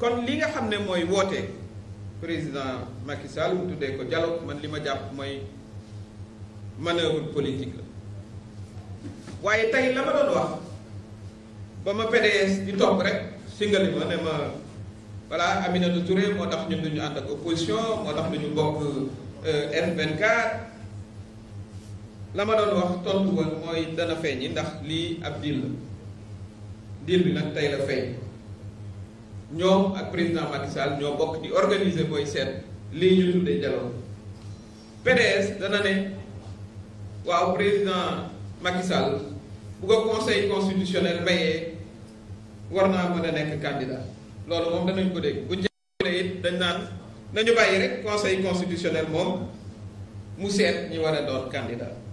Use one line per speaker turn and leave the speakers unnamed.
kon li nga xam ne mooy woote président Macky Sall mu tuddee ko dialogue man li ma jàpp mooy manœuvre politique la waaye tey la ma doon wax ba ma PDS di topp rek singali ma ne ma voilà Aminata Touré moo tax ñun duñu ànd ak opposition moo tax duñu bokk F24 euh, la ma doon wax tontu woon mooy dana feeñ yi ndax lii ab deal la deal bi nag tey la feeñ ñoom ak président Macky Sall ñoo bokk di organiser koy seet lii ñu tuddee dialogue PDS dana ne waaw président Macky Sall bu ko conseil constitutionnel mayee war naa mën a nekk candidat loolu moom danañ ko dégg bu njëkkee dañ naan nañu bàyyi rek conseil constitutionnel moom mu seet ñi war a doon candidat.